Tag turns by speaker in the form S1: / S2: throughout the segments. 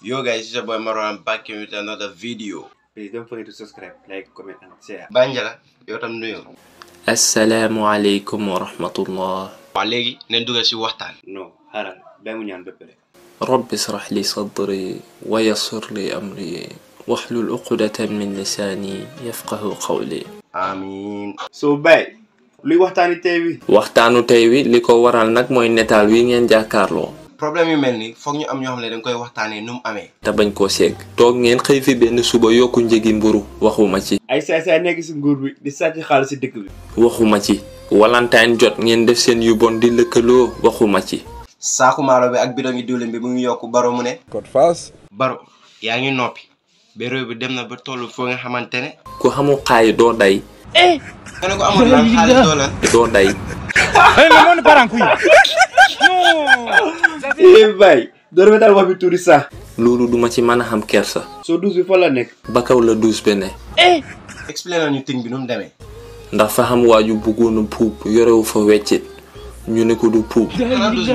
S1: Yo guys, it's your boy Maro. I'm back with another video. Please don't forget to si waxtaan. non xaaral ba mu ñaan ba pare.
S2: rabbi israh li sadri wa yassir li amri wahlul uqdatan min lisaani yafqahu qawli. waxtaanu tey wi li ko waral nag mooy netaal wi ngeen jàkkaarloo.
S1: problème yu mel nii foog ñu am ñoo xam ne dañ koy waxtaanee nu mu amee.
S2: te bañ koo seeg. toog ngeen xëy fi benn suba yokku njëgi mburu waxuma ci.
S1: ay saay-saay nekk si nguur bi di sàcc xaalis si dëkk bi.
S2: waxuma ci. walantaan jot ngeen def seen yu bon di lëkkaloo waxuma ci.
S1: saaku maalo bi ak bidon yi diwlin bi mu ngi yokk baro mu ne. code face. baro yaa ngi noppi. ba réew bi dem na ba tollu foo nga xamante ne.
S2: ku xamul xaay doo day. ko amul lan doo day.
S1: non.
S2: bay door loolu du ci mën a xam kersa. soo douze bi fa nekk. bakaw la douze ba ne.
S1: eh. expliqué nañu bi nu mu
S2: ndax fa xam waaju bëggoon a puub yorewu fa weccit ñu ne ko du puub.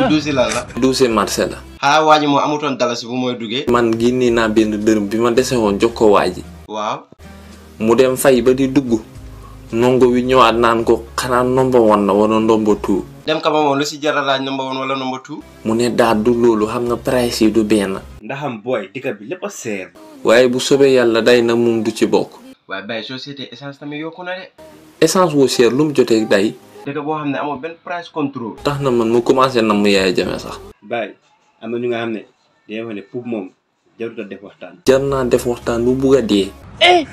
S2: douze la la. douze marché la. xanaa waa ji moo amutoon dalasi bu mooy duggee. man génnee naa benn dërëm bi ma dese woon jox ko waa ji. waaw. mu dem fay ba di dugg. ndongo wi ñëwaat naan ko xanaa ndomba woon na wala ndomba tuub.
S1: dem ka ma lu si jar a laaj number one wala number two.
S2: mu ne daal du loolu xam nga price yi du benn.
S1: ndaxam booy dikka bi lépp a
S2: seer. waaye bu sobee yàlla day na moom du ci bokk.
S1: waaye Baye soo seetee essence tamit yokku na
S2: lu mu jotee day.
S1: dëkk boo xam ne amoo benn price control.
S2: tax na man mu commencé na mu yaay jame sax.
S1: Baye am na ñu nga xam pour moom jarut a def waxtaan.
S2: naa def waxtaan bu bugg a eh!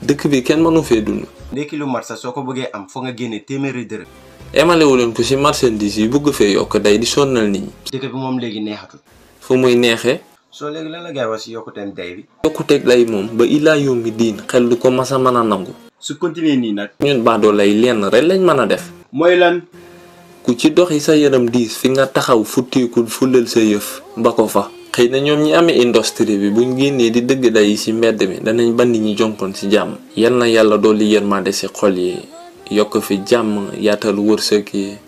S2: bi kenn mënu fee dund.
S1: ndekki lu mat sax soo ko bëggee am foo nga génnee téeméeri dërëm.
S2: Emale leen ko ci marchandise yi bëgg fe yok day di sonnal nit ñi dëkk bi moom léegi neexatul fu muy neexé eh?
S1: so légui lan la gay wax ci yokkuteem day bi
S2: yokkuteeg lay moom ba ilaa yombi diin xel du ko masa mëna nangu su continuer ni nak ñun do lay lén rek lañ mëna def moy lan ku ci doxi sa yaram diis fi nga taxaw futteekul fulal sa yëf ba ko fa xëy na ñoom ñi amé industrie bi buñu génnee di dëgg day ci mbéd mi danañ bandi ñi jonkon ci jamm yalla yalla do li yërmande ci xol yi yok fi jàmm yaatal wërsëg yi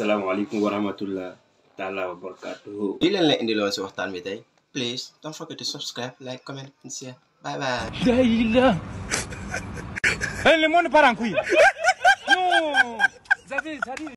S1: alaykum wa rahmatullah taala wa barakatuh lii leen la lo ci waxtan bi tay please don't forget to subscribe like comment and share bye bye
S2: en eh, le monde parankuy No. couille non